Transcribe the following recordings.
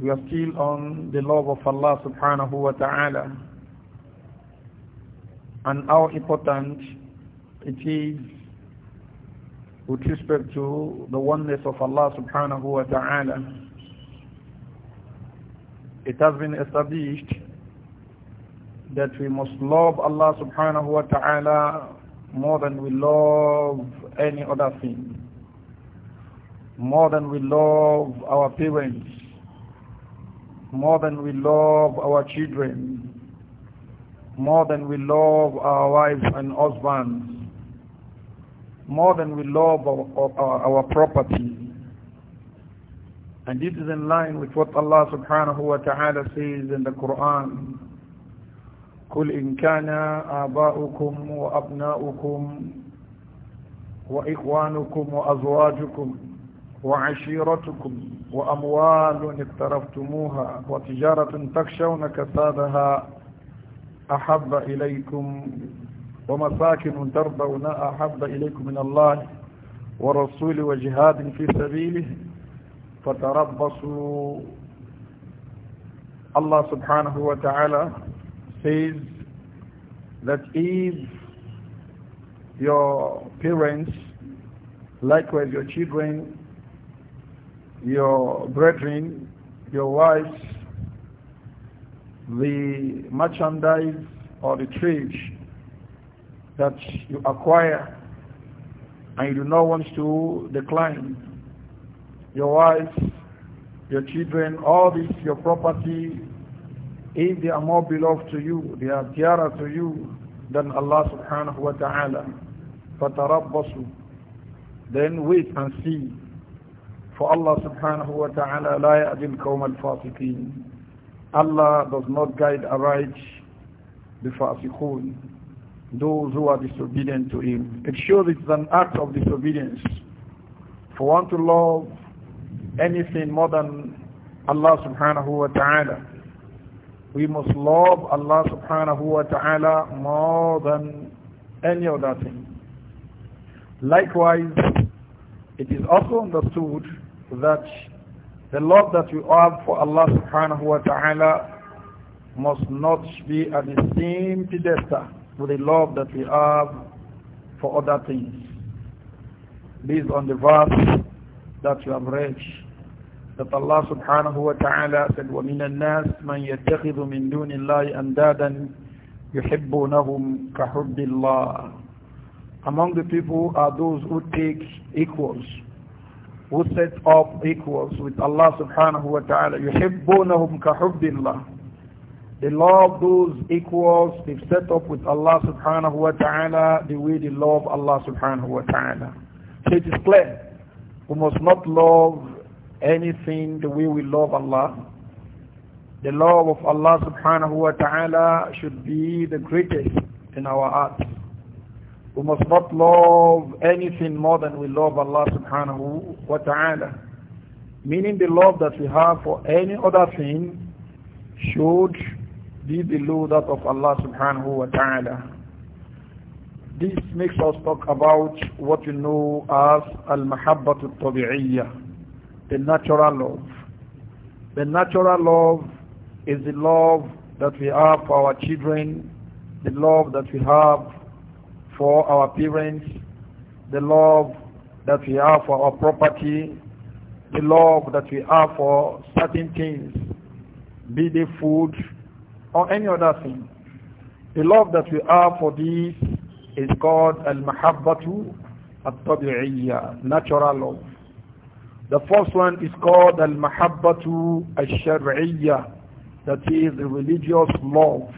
We are still on the love of Allah subhanahu wa ta'ala and how important it is with respect to the oneness of Allah subhanahu wa ta'ala. It has been established that we must love Allah subhanahu wa ta'ala more than we love any other thing, more than we love our parents, more than we love our children, more than we love our wives and husbands, more than we love our, our, our property. And this is in line with what Allah subhanahu wa ta'ala says in the Quran. قل إن كان آباؤكم وأبناؤكم وإخوانكم وأزواجكم وعشيرتكم وأموال اقترفتموها وتجارة تخشون كسادها أحب إليكم ومساكن ترضون أحب إليكم من الله ورسول وجهاد في سبيله فتربصوا Allah subhanahu wa ta'ala says that if your parents, likewise your children, your brethren, your wives, the merchandise or the trade that you acquire and you do not want to decline, your wives, your children, all this, your property, if they are more beloved to you, they are dearer to you than Allah subhanahu wa ta'ala, فَتَرَبَّصُوا Then wait and see for Allah subhanahu wa ta'ala, Allah does not guide aright the fasiqun, those who are disobedient to Him. It shows it's an act of disobedience. For one to love anything more than Allah subhanahu wa ta'ala, we must love Allah subhanahu wa ta'ala more than any other thing. Likewise, it is also understood that the love that you have for Allah subhanahu wa ta'ala must not be at the same pedestal with the love that we have for other things. Based on the verse that you have read, that Allah subhanahu wa ta'ala said, وَمِنَ النَّاسِ مَنْ يَتَّخِذُ مِنْ دُونِ اللَّهِ أَنْدَادًا يُحِبُّونَهُمْ كَحُبِّ اللَّهِ Among the people are those who take equals who set up equals with Allah subhanahu wa ta'ala. يُحِبُّونَهُمْ كَحُبِّ اللَّهِ They love those equals they've set up with Allah subhanahu wa ta'ala the way they love Allah subhanahu wa ta'ala. So it is clear, we must not love anything the way we love Allah. The love of Allah subhanahu wa ta'ala should be the greatest in our hearts. We must not love anything more than we love Allah subhanahu wa ta'ala. Meaning the love that we have for any other thing should be below that of Allah subhanahu wa ta'ala. This makes us talk about what we know as al mahabbatul tabi'iyya, the natural love. The natural love is the love that we have for our children, the love that we have for our parents, the love that we have for our property, the love that we have for certain things, be they food or any other thing. The love that we have for these is called al-mahabbatu al-tabi'iyya, natural love. The first one is called al-mahabbatu al-shar'iyya, that is the religious love.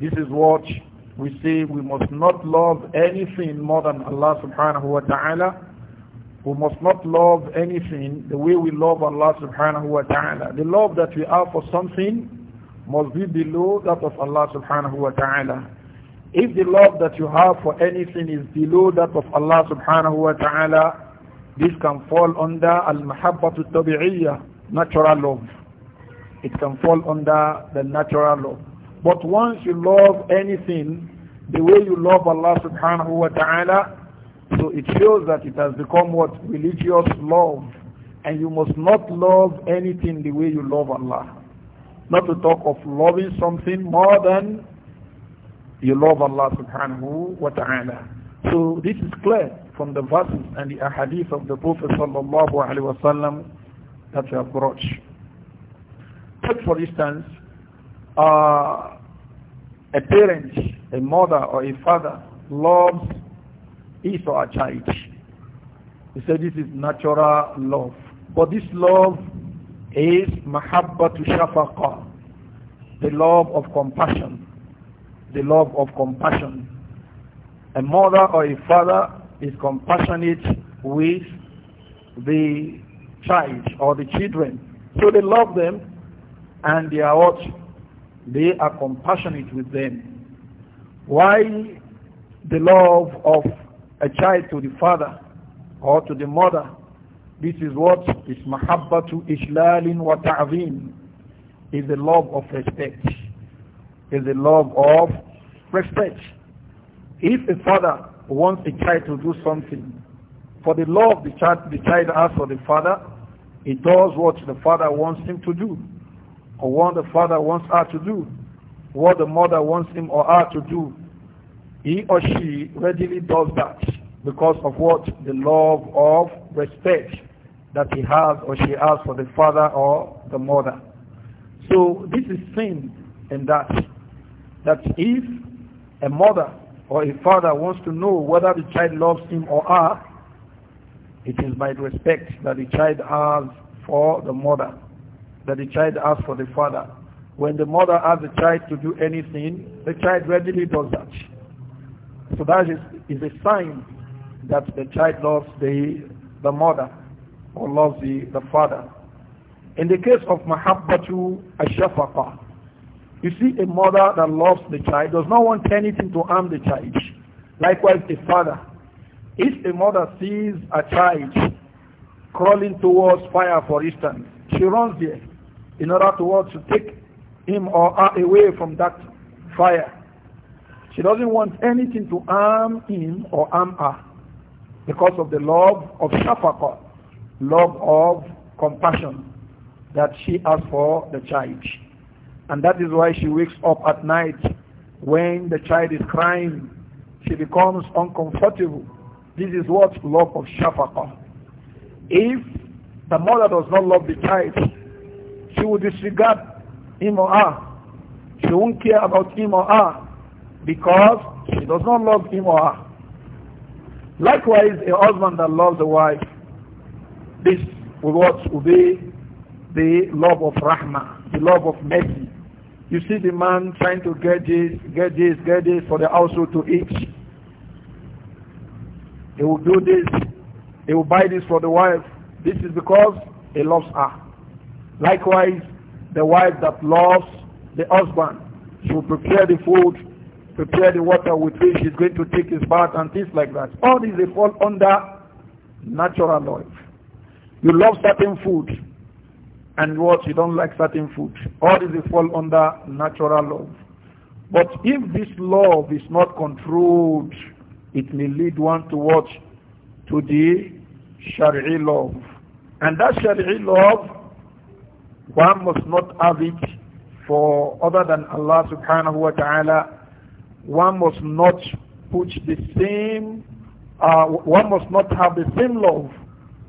This is what we say we must not love anything more than Allah subhanahu wa ta'ala. We must not love anything the way we love Allah subhanahu wa ta'ala. The love that we have for something must be below that of Allah subhanahu wa ta'ala. If the love that you have for anything is below that of Allah subhanahu wa ta'ala, this can fall under al-mahabbatu tabi'iyya, natural love. It can fall under the natural love. But once you love anything the way you love Allah subhanahu wa ta'ala, so it shows that it has become what? Religious love. And you must not love anything the way you love Allah. Not to talk of loving something more than you love Allah subhanahu wa ta'ala. So this is clear from the verses and the ahadith of the Prophet sallallahu alaihi wasallam that we have brought. Take for instance, uh, a parent, a mother or a father loves his or her child. He said this is natural love. But this love is mahabbatu shafaqa, the love of compassion. The love of compassion. A mother or a father is compassionate with the child or the children. So they love them and they are what? They are compassionate with them. Why the love of a child to the father or to the mother? This is what is mahabbatu ishlalin wa ta'zim. Is the love of respect. Is the love of respect. If a father wants a child to do something, for the love the child, the child has for the father, he does what the father wants him to do or what the father wants her to do, what the mother wants him or her to do, he or she readily does that because of what the love of respect that he has or she has for the father or the mother. So this is sin in that, that if a mother or a father wants to know whether the child loves him or her, it is by respect that the child has for the mother that the child asks for the father. When the mother asks the child to do anything, the child readily does that. So that is, is a sign that the child loves the, the mother or loves the, the father. In the case of Mahabbatu Ashafaqa, you see a mother that loves the child does not want anything to harm the child. Likewise, a father. If a mother sees a child crawling towards fire, for instance, she runs there in order to want to take him or her away from that fire. She doesn't want anything to harm him or harm her because of the love of Shafaka, love of compassion that she has for the child. And that is why she wakes up at night when the child is crying. She becomes uncomfortable. This is what love of Shafaka. If the mother does not love the child, she will disregard him or her. She won't care about him or her because she does not love him or her. Likewise, a husband that loves a wife, this will what will be the love of rahmah, the love of mercy. You see the man trying to get this, get this, get this for the household to eat. He will do this. He will buy this for the wife. This is because he loves her. Likewise, the wife that loves the husband should prepare the food, prepare the water with which he's going to take his bath and things like that. All these they fall under natural life. You love certain food and what you don't like certain food. All these they fall under natural love. But if this love is not controlled, it may lead one to what? To the Shari'i love. And that Shari'i love one must not have it for other than Allah subhanahu wa ta'ala. One must not put the same, uh, one must not have the same love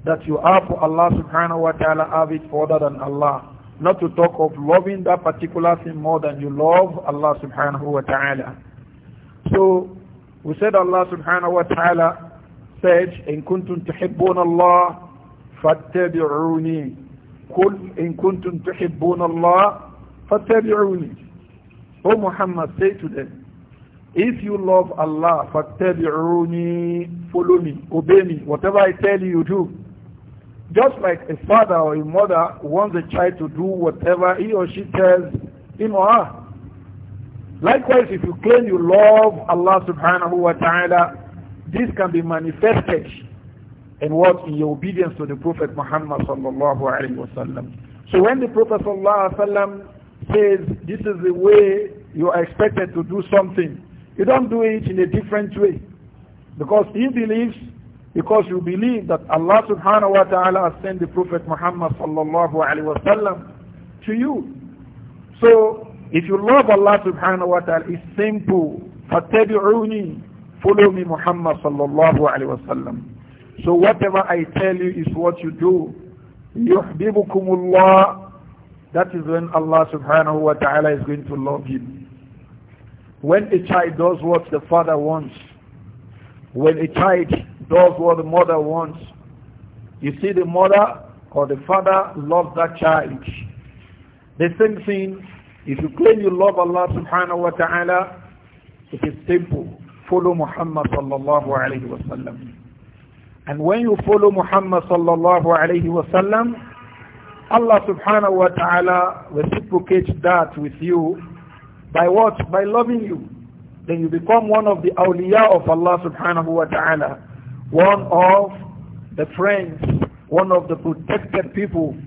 that you have for Allah subhanahu wa ta'ala have it for other than Allah. Not to talk of loving that particular thing more than you love Allah subhanahu wa ta'ala. So we said Allah subhanahu wa ta'ala said, In kuntum تحبون الله fattabi'uni. قل إن كنتم تحبون الله فاتبعوني Oh Muhammad say to them If you love Allah فاتبعوني follow me obey me whatever I tell you you do just like a father or a mother wants a child to do whatever he or she tells him or her likewise if you claim you love Allah subhanahu wa ta'ala this can be manifested and what? In your obedience to the Prophet Muhammad sallallahu alayhi wasallam. So when the Prophet sallallahu alayhi wasallam says this is the way you are expected to do something, you don't do it in a different way. Because he believes, because you believe that Allah subhanahu wa ta'ala has sent the Prophet Muhammad sallallahu alayhi wasallam to you. So if you love Allah subhanahu wa ta'ala, it's simple. فَاتَّبِعُونِي Follow me Muhammad sallallahu alayhi wasallam. So whatever I tell you is what you do. يُحْبِبُكُمُ اللَّهُ That is when Allah subhanahu wa ta'ala is going to love you. When a child does what the father wants, when a child does what the mother wants, you see the mother or the father loves that child. The same thing, if you claim you love Allah subhanahu wa ta'ala, it is simple. Follow Muhammad sallallahu alayhi wa sallam. And when you follow Muhammad sallallahu alayhi wa sallam, Allah subhanahu wa ta'ala reciprocates that with you by what? By loving you. Then you become one of the awliya of Allah subhanahu wa ta'ala. One of the friends, one of the protected people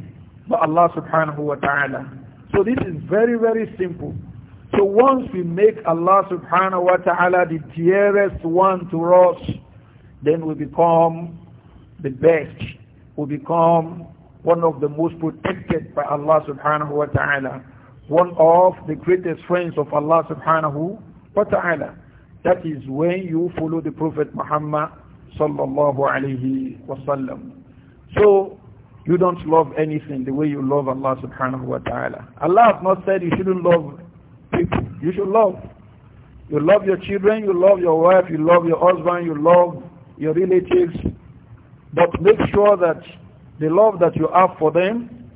by Allah subhanahu wa ta'ala. So this is very, very simple. So once we make Allah subhanahu wa ta'ala the dearest one to us, then we become the best. We become one of the most protected by Allah subhanahu wa ta'ala. One of the greatest friends of Allah subhanahu wa ta'ala. That is when you follow the Prophet Muhammad sallallahu alayhi wasallam. So you don't love anything the way you love Allah subhanahu wa ta'ala. Allah has not said you shouldn't love people. You should love. You love your children, you love your wife, you love your husband, you love your relatives, but make sure that the love that you have for them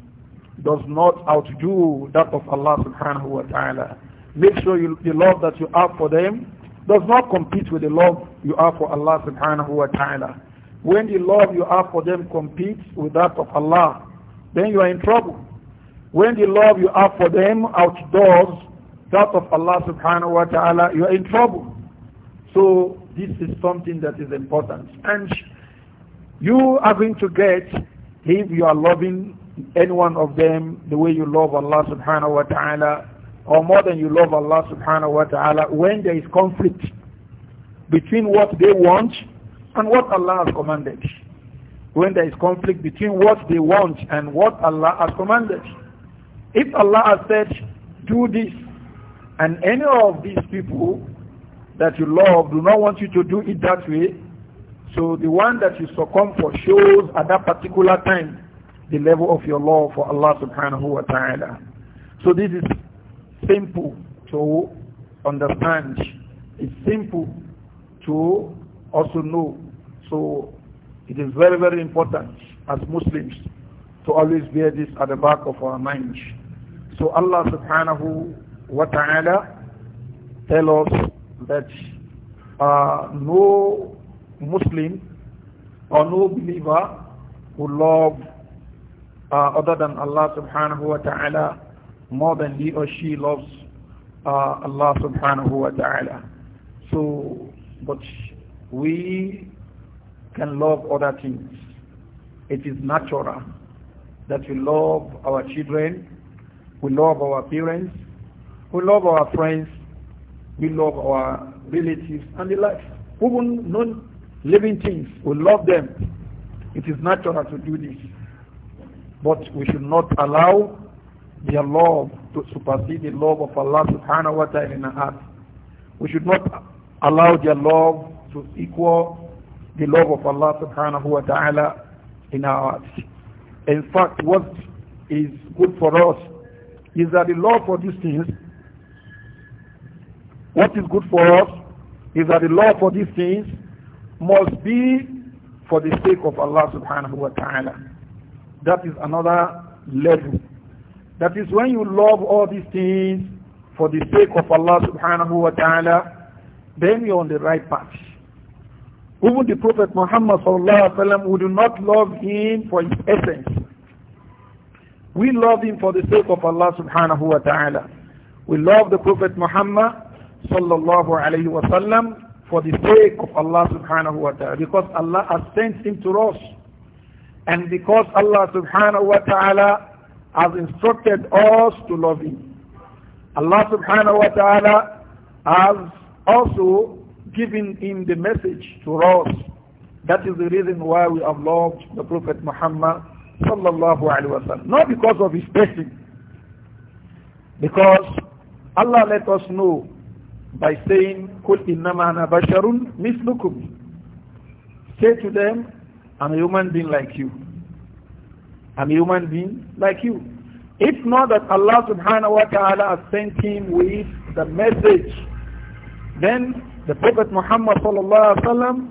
does not outdo that of Allah subhanahu wa ta'ala. Make sure you, the love that you have for them does not compete with the love you have for Allah subhanahu wa ta'ala. When the love you have for them competes with that of Allah, then you are in trouble. When the love you have for them outdoors that of Allah subhanahu wa ta'ala, you are in trouble. So this is something that is important. And you are going to get if you are loving any one of them the way you love Allah subhanahu wa ta'ala or more than you love Allah subhanahu wa ta'ala when there is conflict between what they want and what Allah has commanded. When there is conflict between what they want and what Allah has commanded. If Allah has said, do this, and any of these people that you love do not want you to do it that way. So the one that you succumb for shows at that particular time the level of your love for Allah subhanahu wa ta'ala. So this is simple to understand. It's simple to also know. So it is very, very important as Muslims to always bear this at the back of our minds. So Allah subhanahu wa ta'ala tell us that uh, no Muslim or no believer who love uh, other than Allah subhanahu wa ta'ala more than he or she loves uh, Allah subhanahu wa ta'ala. So, but we can love other things. It is natural that we love our children, we love our parents, we love our friends, we love our relatives and the like. Even non-living things, we love them. It is natural to do this. But we should not allow their love to supersede the love of Allah subhanahu wa ta'ala in our heart. We should not allow their love to equal the love of Allah subhanahu wa ta'ala in our hearts. In fact, what is good for us is that the love for these things what is good for us is that the law for these things must be for the sake of Allah subhanahu wa ta'ala. That is another level. That is when you love all these things for the sake of Allah subhanahu wa ta'ala, then you're on the right path. Even the Prophet Muhammad sallallahu alaihi wasallam, we do not love him for his essence. We love him for the sake of Allah subhanahu wa ta'ala. We love the Prophet Muhammad sallallahu alayhi wa sallam for the sake of Allah subhanahu wa ta'ala because Allah has sent him to us and because Allah subhanahu wa ta'ala has instructed us to love him. Allah subhanahu wa ta'ala has also given him the message to us. That is the reason why we have loved the Prophet Muhammad sallallahu alaihi wasallam. Not because of his blessing. because Allah let us know by saying, Kul innama ana basharun mislukum. Say to them, I'm a human being like you. I'm a human being like you. It's not that Allah subhanahu wa ta'ala has sent him with the message, then the Prophet Muhammad sallallahu alaihi wasallam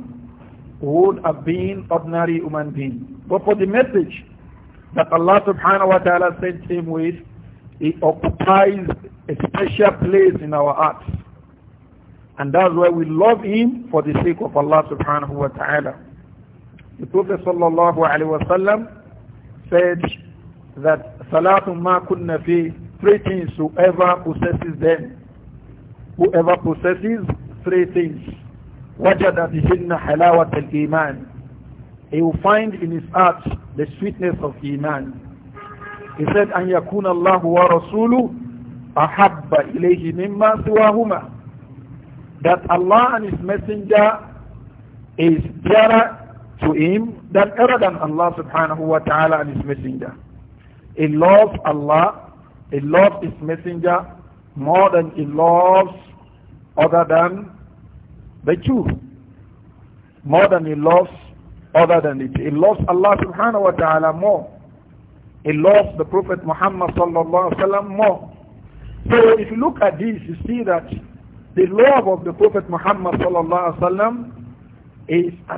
would have been ordinary human being. But for the message that Allah subhanahu wa ta'ala sent him with, it occupies a special place in our hearts. And that's why we love him for the sake of Allah subhanahu wa ta'ala. The Prophet sallallahu alayhi wa sallam said that Salatu ma kunna fi three things whoever possesses them. Whoever possesses three things. Wajada bihinna halawat halawa iman He will find in his heart the sweetness of iman. He said, أن يكون الله ورسوله أحب إليه مما سواهما that Allah and His Messenger is dearer to him than ever than Allah subhanahu wa ta'ala and His Messenger. He loves Allah, he loves His Messenger more than he loves other than the two. More than he loves other than it. He loves Allah subhanahu wa ta'ala more. He loves the Prophet Muhammad sallallahu alaihi wasallam more. So if you look at this, you see that the love of the Prophet Muhammad sallallahu alaihi wasallam is uh,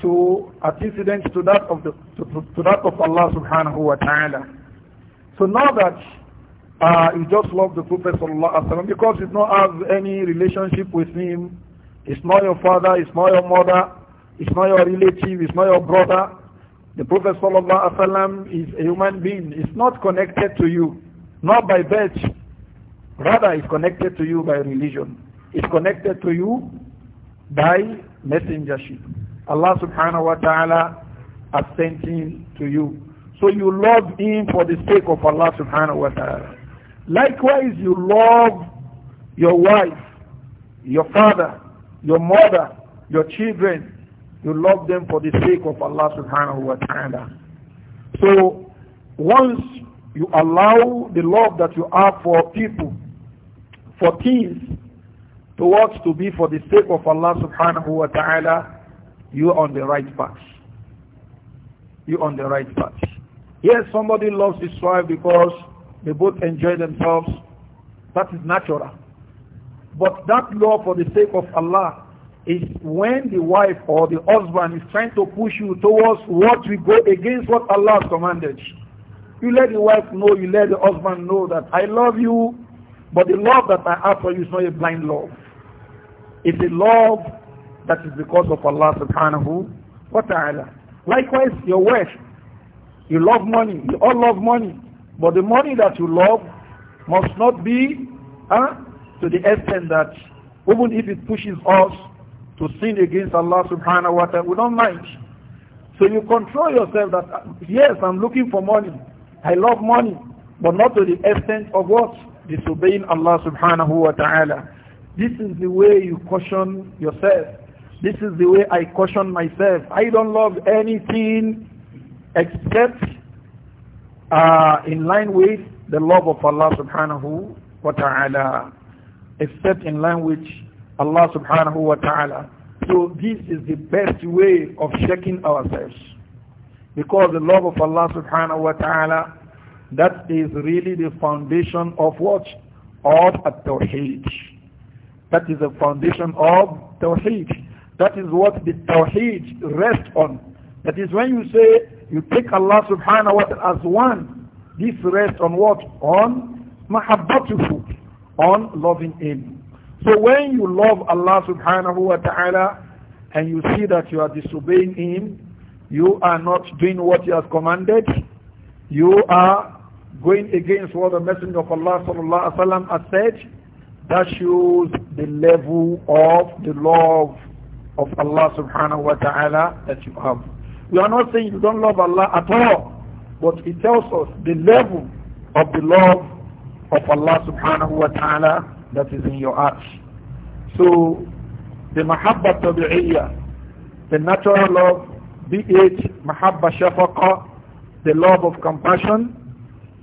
to incident to that of the to, to, that of Allah subhanahu wa taala. So now that uh, you just love the Prophet sallallahu alaihi wasallam because you don't have any relationship with him. It's not your father. It's not your mother. It's not your relative. It's not your brother. The Prophet sallallahu alaihi wasallam is a human being. It's not connected to you, not by birth Rather, it's connected to you by religion. It's connected to you by messengership. Allah subhanahu wa ta'ala has sent him to you. So you love him for the sake of Allah subhanahu wa ta'ala. Likewise, you love your wife, your father, your mother, your children. You love them for the sake of Allah subhanahu wa ta'ala. So once you allow the love that you have for people for peace to what to be for the sake of Allah subhanahu wa ta'ala, you on the right path. You on the right path. Yes, somebody loves his wife because they both enjoy themselves. That is natural. But that law for the sake of Allah is when the wife or the husband is trying to push you towards what we go against what Allah has commanded. You let the wife know, you let the husband know that I love you, but the love that I have for you is not a blind love. It's a love that is because of Allah subhanahu wa ta'ala. Likewise, your wealth. You love money. You all love money. But the money that you love must not be huh, to the extent that even if it pushes us to sin against Allah subhanahu wa ta'ala, we don't mind. So you control yourself that, yes, I'm looking for money. I love money, but not to the extent of what? disobeying Allah subhanahu wa ta'ala. This is the way you caution yourself. This is the way I caution myself. I don't love anything except uh, in line with the love of Allah subhanahu wa ta'ala. Except in line with Allah subhanahu wa ta'ala. So this is the best way of checking ourselves. Because the love of Allah subhanahu wa ta'ala that is really the foundation of what? Of Tawheed. That is the foundation of Tawheed. That is what the Tawheed rests on. That is when you say you take Allah subhanahu wa ta'ala as one, this rests on what? On mahabbatuhu, on loving Him. So when you love Allah subhanahu wa ta'ala and you see that you are disobeying Him, you are not doing what He has commanded, you are going against what the Messenger of Allah sallallahu alaihi wasallam has said, that shows the level of the love of Allah subhanahu wa ta'ala that you have. We are not saying you don't love Allah at all, but it tells us the level of the love of Allah subhanahu wa ta'ala that is in your heart. So the mahabba tabi'iyya, the natural love, be it mahabba shafaqa, the love of compassion,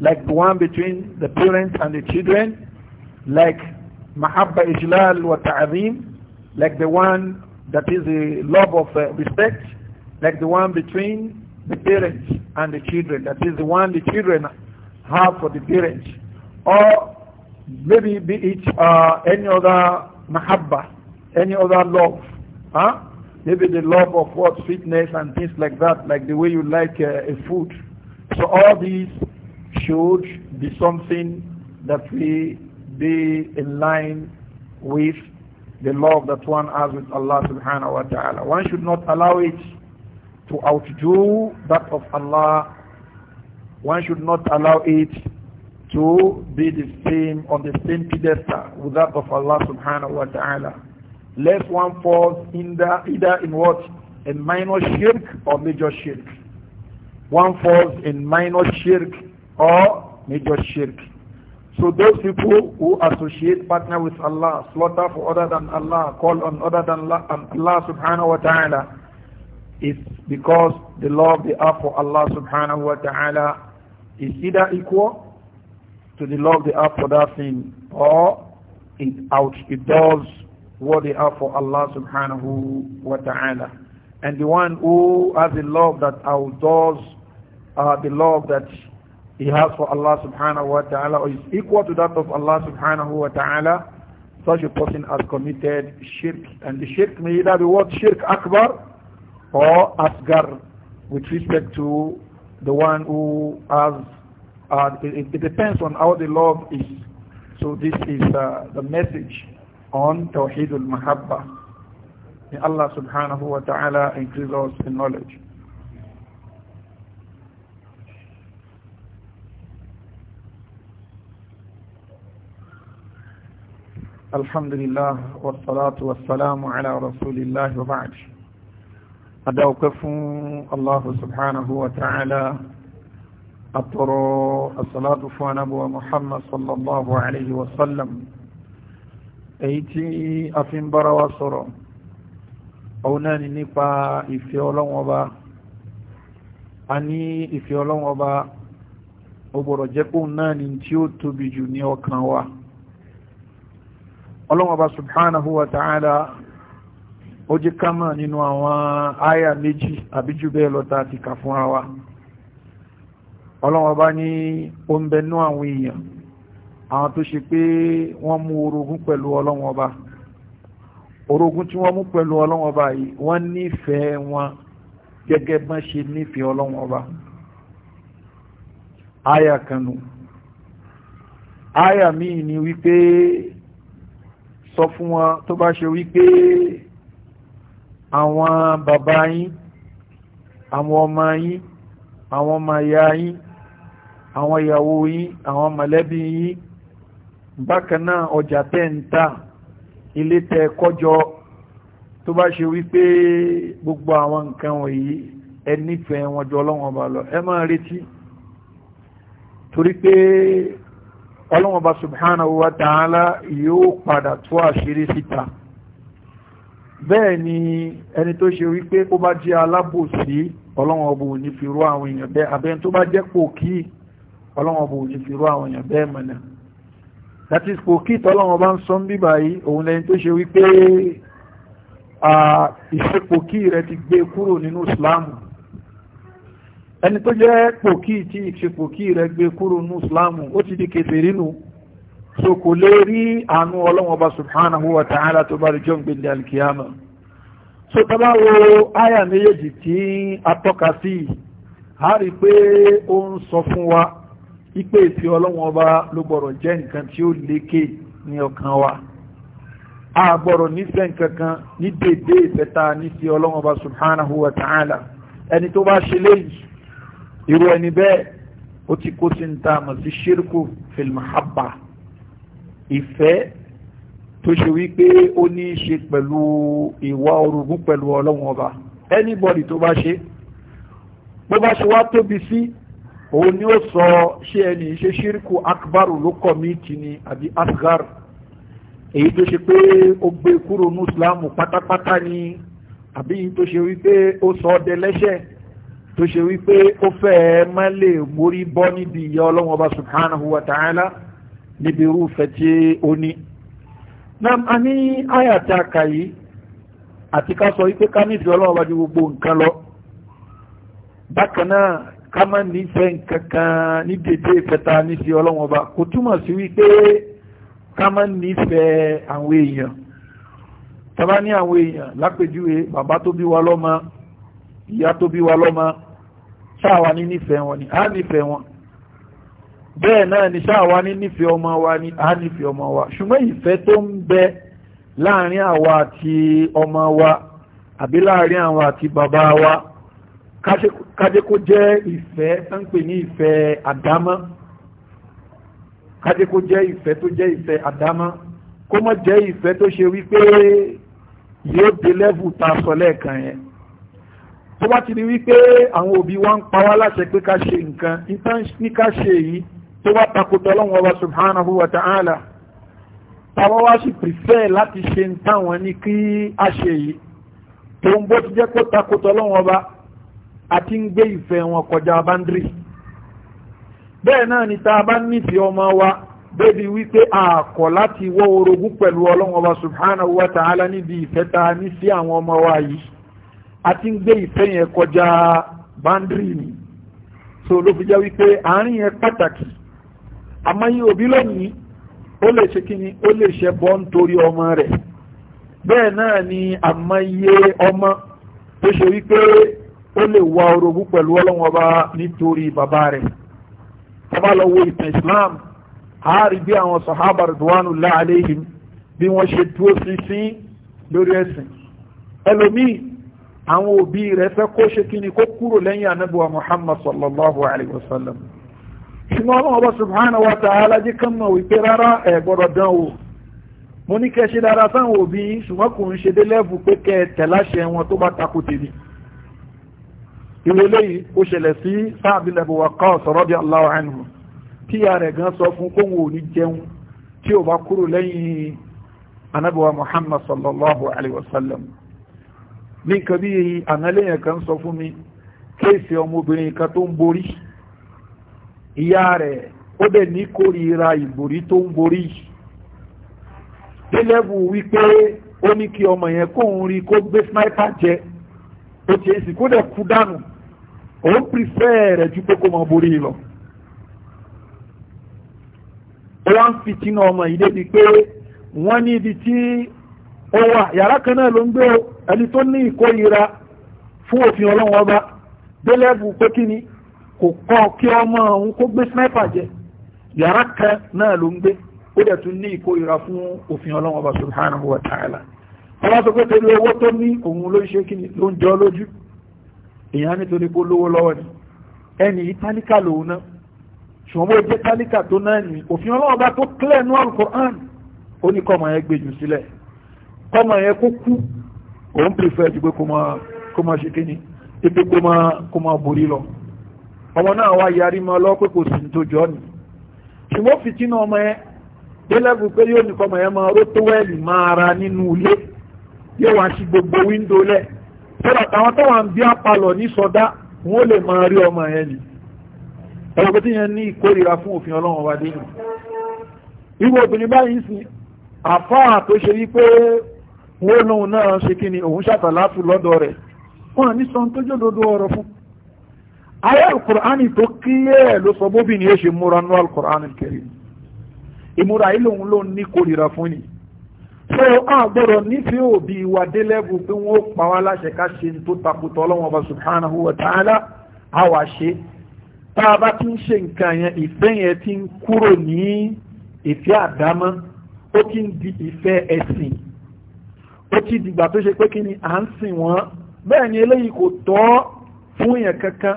like the one between the parents and the children, like mahabba ijlal wa ta'zim, like the one that is the love of uh, respect, like the one between the parents and the children, that is the one the children have for the parents, or maybe be it uh, any other mahabba, any other love, huh? Maybe the love of what sweetness and things like that, like the way you like uh, a food. So all these should be something that we be in line with the love that one has with Allah subhanahu wa ta'ala. One should not allow it to outdo that of Allah. One should not allow it to be the same on the same pedestal with that of Allah subhanahu wa ta'ala. Lest one falls in the, either in what? a minor shirk or major shirk. One falls in minor shirk or major shirk. So those people who associate partner with Allah, slaughter for other than Allah, call on other than Allah, um, Allah subhanahu wa ta'ala, it's because the love they have for Allah subhanahu wa ta'ala is either equal to the love they have for that thing or it out it does what they have for Allah subhanahu wa ta'ala. And the one who has the love that outdoes uh, the love that he has for Allah subhanahu wa ta'ala or is equal to that of Allah subhanahu wa ta'ala, such a person has committed shirk. And the shirk may either be what shirk akbar or asgar with respect to the one who has, uh, it, it, depends on how the love is. So this is uh, the message on Tawheed al mahabbah May Allah subhanahu wa ta'ala increase us in knowledge. الحمد لله والصلاة والسلام على رسول الله وبعد أدوكف الله سبحانه وتعالى أطروا الصلاة فنبو محمد صلى الله عليه وسلم أيتي أفن برا وصر أوناني نقا إفيولا وبا أني إفيولا وبا أبرجكم ناني تيوتو بجنيو كان ọlọ́wọ́n bá subhanahu wa ta'ala ó jẹ́ ká mọ̀ nínú àwọn àyà méjì àbí bẹ́ẹ̀ lọ́ta ti kà fún wa ọlọ́wọ́n bá ní ó ń bẹnú àwọn èèyàn àwọn tó ṣe pé wọ́n mú orogún pẹ̀lú ọlọ́wọ́n bá orogún tí wọ́n mú pẹ̀lú ọlọ́wọ́n bá yìí wọ́n nífẹ̀ẹ́ wọn gẹ́gẹ́ bọ́n ṣe nífẹ̀ẹ́ ọlọ́wọ́n bá àyà kanu àyà míì ni wípé sọ fún wọn tó bá ṣe wípé àwọn bàbá yín àwọn ọmọ yín àwọn ọmọ ìyá yín àwọn ìyàwó yín àwọn mọ̀lẹ́bí yín bákan náà ọjà tẹ́ ń tà ilé tẹ́ kọ́jọ tó bá ṣe wípé gbogbo àwọn nǹkan wọ̀nyí ẹ wọn jọ ọlọ́wọ́n ọba lọ ẹ máa retí torí pé ọlọ́wọ́n bá subhanahu wa ta'ala yóò padà tó àṣírí síta bẹ́ẹ̀ ni ẹni tó ṣe wípé ó bá jẹ́ alábòsí ọlọ́wọ́n ọbò ní fi rú àwọn èèyàn bẹ́ẹ̀ abẹ́ni tó bá jẹ́ pòkí ọlọ́wọ́n ní fi rú àwọn èèyàn bẹ́ẹ̀ mọ̀nà that is pòkí tọ́lọ́wọ́n bá ń sọ ń bíbà yìí òun lẹ́ni tó ṣe wípé ìṣepòkí rẹ ti gbé Islam ẹni tó jẹ́ pòkí tí ìṣe pòkí rẹ̀ gbé kúrò ní islamu ó ti di kèfèrí nù so kò lè rí àánú ọlọ́wọ́n subhanahu wa ta'ala tó bá rí jọ́ gbé alkiyama so tọ́lá wo àyà méjèèjì tí a tọ́ka sí a rí pé ó ń sọ fún wa ipe ìfi ọlọ́wọ́n ọba ló gbọ́dọ̀ jẹ́ nǹkan tí ó lékè ní ọkàn wa a gbọ́dọ̀ nífẹ̀ẹ́ nǹkan kan ní déédéé ìfẹ́ta ní sí ọlọ́wọ́n subhanahu wa ta'ala ẹni tó bá ṣe léyìí irú ẹni bẹ́ẹ̀ ó ti kó sí ń ta àmọ̀ sí ṣírkù fil mahabba ìfẹ́ tó ṣe wípé ó ní ṣe pẹ̀lú ìwà orogún pẹ̀lú ọlọ́run ọba anybody tó bá ṣe bó bá ṣe wá tóbi sí òun ni ó sọ ṣé ẹni ṣe ṣírkù akbaru ló kọ̀ míìtì ni àbí asgar èyí tó ṣe pé ó gbé kúrò ní islam pátápátá ni àbí èyí tó ṣe wípé ó sọ ọdẹ lẹ́ṣẹ̀ẹ́ tó ṣe wípé ó fẹ́ má lè mórí bọ́ níbi ìyá ọlọ́wọ́n ọba subhanahu wa ta'ala níbi irúfẹ́ tí ó ní. nam a ní àyàtà kàyí àti ká sọ wípé ká nífẹ̀ẹ́ ọlọ́wọ́n ọba ju gbogbo nǹkan lọ. bákan náà ká má nífẹ̀ẹ́ nǹkan kan ní dédé ìfẹ́ta nífẹ̀ẹ́ ọlọ́wọ́n ọba kò túmọ̀ sí wípé ká má nífẹ̀ẹ́ àwọn èèyàn. tá ní àwọn èèyàn lápèjúwe bàbá tó bí wa lọ́mọ ìyá tó bí wa lọ́mọ ṣáàwá ní nífẹ̀ẹ́ wọn ni a nífẹ̀ẹ́ wọn bẹ́ẹ̀ náà ni ṣáàwá ní nífẹ̀ẹ́ ọmọ wa ni a nífẹ̀ẹ́ ọmọ wa ṣùgbọ́n ìfẹ́ tó ń bẹ láàrin àwa àti ọmọ wa àbí láàrin àwa àti bàbá wa kájẹ́ kó jẹ́ ìfẹ́ tó ń pè ní ìfẹ́ àdámọ́ kájẹ́ kó jẹ́ ìfẹ́ tó jẹ́ ìfẹ́ àdámọ́ kó má jẹ́ ìfẹ́ tó ṣe wípé yóò dé lẹ́vù ta sọ lẹ́ẹ̀kan yẹn tó bá ti rí wípé àwọn òbí wa ń pa wá láṣẹ pé ká ṣe nǹkan ní ká ṣe yìí tó bá takòtò ọlọ́run ọba subhanahu wa ta'ala tàwọn wá sì pìfẹ́ láti ṣe ń ní kí a ṣe yìí tó ń bó ti jẹ́ pé takòtò ọlọ́run ọba àti ń gbé ìfẹ́ wọn kọjá báńdírì bẹ́ẹ̀ náà ni tá a bá nífẹ̀ẹ́ ọmọ wa débi wípé àkọ́ láti wọ́ orogún pẹ̀lú ọlọ́run ọba subhanahu wa ta'ala níbi ìfẹ́ ta ní sí àwọn ọmọ wa yìí a ti ń gbé ìfẹ́ yẹn kọjá báńdírì ni so ló fi jẹ́ wípé àárín yẹn pàtàkì àmọ́yé òbí lónìí ó lè ṣe kí ni ó lè ṣe bọ́ nítorí ọmọ rẹ̀ bẹ́ẹ̀ náà ni àmọ́yé ọmọ tó ṣe wípé ó lè wá orogún pẹ̀lú ọlọ́wọ́n ọba nítorí bàbá rẹ̀ ọba lọ wo ìtàn Islam àárí bí àwọn sahaba ridwanullahi alayhim bí wọ́n ṣe dúró sí sí lórí ẹ̀sìn ẹlòmíì àwọn òbí rẹ̀ fẹ́ kó ṣe kí ni kó kúrò lẹ́yìn anábíwa muhammad sallallahu alaihi wasallam ṣùgbọ́n ọlọ́run ọba subhanahu wa ta'ala jẹ́ kan mọ̀ wípé rárá ẹ̀ gbọ́dọ̀ dán o mo ní kẹ́ ṣe dára sáwọn òbí ṣùgbọ́n kò ń ṣe dé lẹ́bù pé kẹ́ tẹ̀láṣẹ wọn tó bá takò tèmi ìwé léyìí ó ṣẹlẹ̀ sí sáàbìlẹ̀bù wa Waqqas radiyallahu anhu tí ìyá rẹ̀ gan sọ fún kóhun ò jẹun tí ò bá kúrò lẹ́yìn anábíwa muhammad sallallahu alaihi wasallam ní nǹkan bí ànálẹ́yìn kan sọ fún mi kéèsì ọmọbìnrin kan tó ń borí ìyá rẹ̀ ó dẹ̀ ní kórìíra ìborí tó ń borí délẹ́bù wípé ó ní kí ọmọ yẹn kóun rí kó gbé sniper jẹ ó ti èsì kó dẹ̀ kú dànù òun pìrìfẹ́ rẹ̀ ju pé kó mọ borí lọ ó wá ń fìtínà ọmọ yìí débi pé wọ́n ní ibi tí ó wà yàrá kan náà ló ń gbé ẹni tó ní ìkórira fún òfin ọlọ́run ọba délẹ́bù pé kí ni kò kọ́ kí ọmọ òun kó gbé sniper jẹ yàrá kan náà ló ń gbé ó dẹ̀ tún ní ìkórira fún òfin ọlọ́run ọba subhanahu wa ta'ala owó tó ní ni ló ń jọ lójú èèyàn nítorí pé lówó ni ẹni tálíkà lòun náà ṣùgbọ́n bó jẹ́ tálíkà tó náà òfin ọlọ́run ọba tó clear ó ní kọ́mọ yẹn kó kú òun pèfẹ́ ti pé kó máa ṣe kíni ibi kó máa borí lọ ọmọ náà wá yarí mọ́ lọ pé kò sí ní tó ni ṣùgbọ́n fìtínà ọmọ yẹn délẹ́gùn pé yóò ní kọ́mọ yẹn máa ró tó wẹ́ẹ̀lì máa ra nínú ilé yóò wá sí gbogbo wíńdò lẹ̀ sọ́dọ̀ táwọn táwọn ń bí apalọ̀ ní sọdá wọn ò lè máa rí ọmọ yẹn ni ẹ̀rọ tí yẹn ní ìkórìíra fún òfin ọlọ́run ọba dé nù. irú obìnrin báyìí sìn àfáà tó ṣe wípé wọ́n lóun náà ṣe kí ni òun ṣàtàláfù lọ́dọ̀ rẹ̀ wọ́n ní sọ tó jòdòdó ọ̀rọ̀ fún ayé alkùránì tó kílẹ̀ ló sọ bóbi ni ó múra ní alkùránì kẹrin ìmúra ilé ló ní kórìíra fún ni so a gbọ́dọ̀ nífẹ̀ẹ́ òbí wa délẹ́bù pé wọ́n pa wá láṣẹ ká ṣe tó takùtọ̀ ọlọ́wọ́n ọba subhanahu wa ta'ala a wà ṣe tá a bá ti ń ṣe nǹkan yẹn ìfẹ́ yẹn ti ń kúrò ní ìfẹ́ àdámọ́ ó ti ń di ìfẹ́ ẹ̀sìn ó ti dìgbà tó ṣe pé kí ni à ń sìn wọ́n bẹ́ẹ̀ ni eléyìí kò tọ́ fún èèyàn kankan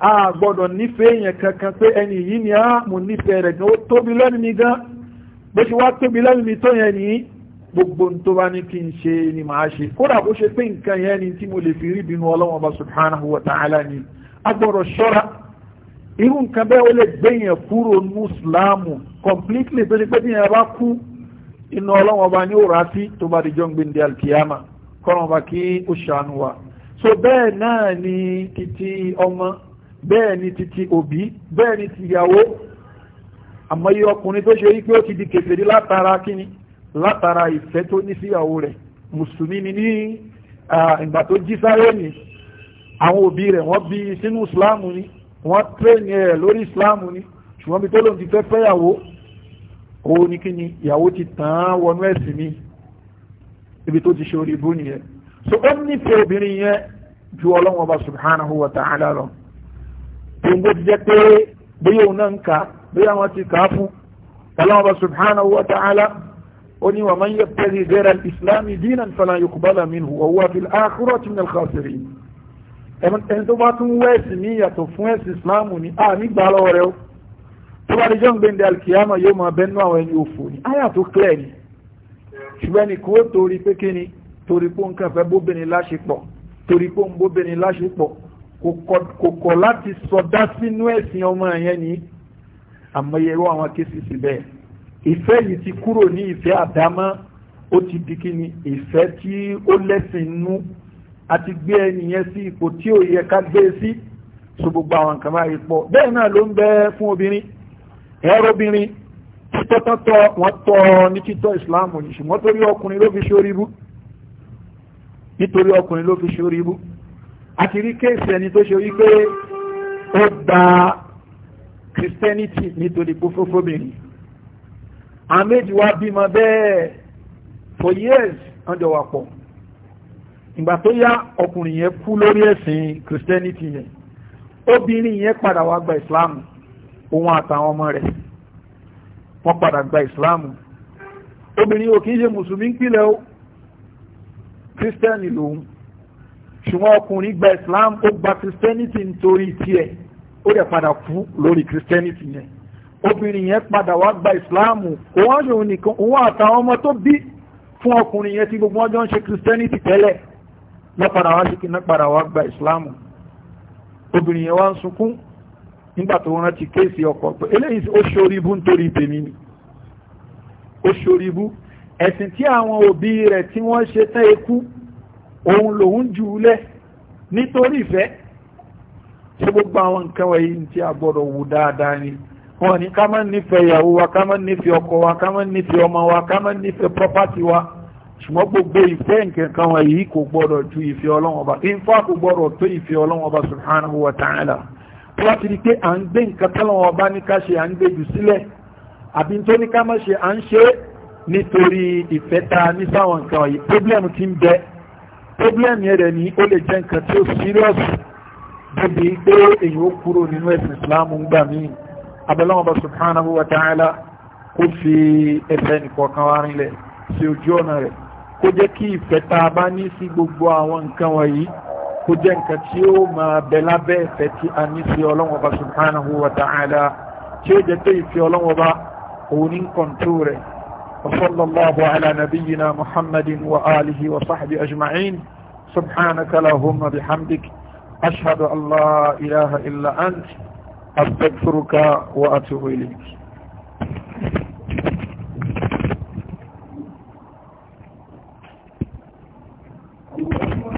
a gbọ́dọ̀ nífẹ̀ẹ́ èèyàn kankan pé ẹni yìí ni a ah, mú nífẹ̀ẹ́ rẹ̀ gan ó tóbi lẹ́nu mi gan bó ṣe wá tóbi lẹ́nu mi tó yẹn nìyí gbogbo n tó bá ní kí n ṣe ni màá ṣe kódà bó ṣe pé nǹkan yẹn ni tí mo lè fi rí ìbínú ọlọ́wọ́n bá subhanahu wa ta'ala ni a gbọ́dọ̀ ṣọ́ra irú nǹkan bẹ́ẹ̀ ó lè gbẹ̀yìn kúrò ní mùsùlùmù completely tó ṣe pé bí yẹn bá kú inú ọlọ́run ọba ní òrà tí tó bá di jọ́ngbé ní alkiyama kọ́nà ọba kí ó ṣàánú wa so bẹ́ẹ̀ náà ni títí ọmọ bẹ́ẹ̀ ni títí òbí bẹ́ẹ̀ ni tìyàwó àmọ́ iye ọkùnrin tó ṣe wípé ó ti di kèfèrí látara kíni látara ìfẹ́ tó ní síyàwó rẹ̀ mùsùlùmí ni ní ìgbà tó jí sáyé ni àwọn òbí rẹ̀ wọ́n bí sínú ìsìláàmù ni wọ́n tẹ́ẹ̀nì ẹ̀ lórí ìsìláàmù ni ṣùgbọ́n bí tó lòun ti fẹ́ fẹ́yàwó òun ni kí ni ìyàwó ti tàn wọnú ẹ̀sìn mi ibi tó ti ṣe orí ibú nìyẹn so ó nífẹ̀ẹ́ obìnrin yẹn ju ọlọ́wọ́n ọba subhanahu wa ta'ala lọ tó ti jẹ́ pé bóyá òun náà ń kà bóyá wọn ti kà á fún ọlọ́wọ́n ọba subhanahu wa ta'ala ó ní wa man yabtaghi ghayra al-islami dinan fala yuqbala minhu wa huwa fil akhirati min al-khasirin ẹni tó bá tún wẹ́ẹ̀sì ní ìyàtọ̀ fún ẹ̀sìn islam ní àmì gbà lọ́wọ́ rẹ̀ o tó bá dijọ́ ń gbé ndé alkiyama yóò máa bẹ́ẹ̀ nú àwọn ẹni òfò ni àyà tó clear ni ṣùgbọ́n ẹnì kó torí pé kí ni torí pé nǹkan fẹ́ bóbìnrin láṣepọ̀ torí pé ń bóbìnrin láṣepọ̀ kò kọ̀ láti sọdá sínú ẹ̀sìn ọmọ yẹn ni àmọyẹrọ àwọn kéésì sí bẹ́ẹ̀ ìfẹ́ yìí ti kúrò ní ìfẹ́ àdámọ́ ó ti di kí ni ìfẹ́ tí ó lẹ́sìn nú àti gbé ẹnìyẹn sí ipò tí ò yẹ ká gbé e sí so gbogbo àwọn nǹkan máa pọ̀ bẹ́ẹ̀ náà ló ń bẹ fún obìnrin ẹ̀rọ obìnrin títọ́tọ́tọ́ wọ́n tọ́ ní títọ́ ìsìláàmù ní tó rí ọkùnrin ló fi orí bú nítorí ọkùnrin ló fi àti rí kéèsì ẹni tó ṣe wípé ó gba christianity nítorí pófófóbìnrin wá bímọ bẹ́ẹ̀ for years ọjọ́ wà pọ̀ ìgbà yẹn kú lórí ẹ̀sìn christianity yẹn obìnrin yẹn padà wá gba òun àtàwọn ọmọ rẹ̀ wọ́n padà gba ìsìláàmù obìnrin ò kí ń ṣe mùsùlùmí ń pìlẹ̀ ó kírísítẹ́nì lòun ṣùgbọ́n ọkùnrin gba ìsìláàmù ó gba kírísítẹ́nìtì nítorí tiẹ̀ ó dẹ̀ padà kú lórí kírísítẹ́nìtì yẹn obìnrin yẹn padà wá gba ìsìláàmù òun àṣòwò nìkan òun àtàwọn ọmọ tó bí fún ọkùnrin yẹn tí gbogbo ọjọ́ ń ṣe kírísítẹ́nìtì tẹ́lẹ̀ lọ́padà wá ṣe kí náà wá gba ìsìláàmù obìnrin yẹn wá ń sunkún nígbà tó rántí kéèsì ọkọ pé eléyìí ó ṣoríbú nítorí tèmi ni ó ṣoríbú ẹ̀sìn tí àwọn òbí rẹ̀ tí wọ́n ṣe tán ekú òun lòun jù ú nítorí ìfẹ́ ṣé gbogbo àwọn nǹkan wọ̀nyí tí a gbọ́dọ̀ wù dáadáa ni wọ́n ní ká má nífẹ̀ẹ́ ìyàwó wa ká má nífẹ̀ẹ́ ọkọ wa ká má nífẹ̀ẹ́ ọmọ wa ká má nífẹ̀ẹ́ property wa ṣùgbọ́n gbogbo ìfẹ́ nǹkan wọ̀nyí kò gbọ́dọ̀ ju ìfẹ́ Ọlọ́run Ọba kò gbọ́dọ̀ tó ìfẹ́ Ọlọ́run Ọba subhanahu wa ta'ala tó wá ti di pé à ń gbé nǹkan tọ́lọ́wọ́n ọba ní ká ṣe à ń gbé jù sílẹ̀ àbí tó ní ká má ṣe à ń ṣe nítorí ìfẹ́ ní sáwọn nǹkan yìí pọ́blẹ́mù ti ń bẹ pọ́blẹ́mù yẹn rẹ̀ ni ó lè jẹ́ nǹkan tí ó sírọ́ọ̀sì débi pé èyí ó kúrò nínú ẹ̀sìn ìsìláàmù ń gbà míì abẹ́lẹ́wọ̀n bá subhanahu wa ta'ala kó fi ẹsẹ̀ nìkọ̀ọ̀kan wá rinlẹ̀ sí ojú ọ̀nà rẹ̀ kó jẹ́ kí ìfẹ́ bá ní sí gbogbo àwọn nǹkan wọ̀nyí kó jẹ́ nǹkan tí ó máa bẹ lábẹ́ ìfẹ́ tí a ní sí ọlọ́run ọba subhanahu wa ta'ala tí ó jẹ́ pé ìfẹ́ ọlọ́run ọba òun ní kọ̀ǹtó rẹ̀ وصلى الله على نبينا محمد وآله وصحبه أجمعين سبحانك اللهم بحمدك أشهد أن لا إله إلا أنت أستغفرك وأتوب إليك